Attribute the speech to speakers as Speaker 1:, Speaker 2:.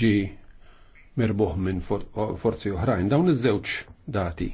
Speaker 1: ġi mirbuħ minn forzi oħrajn. Dawn iż-żewġ dati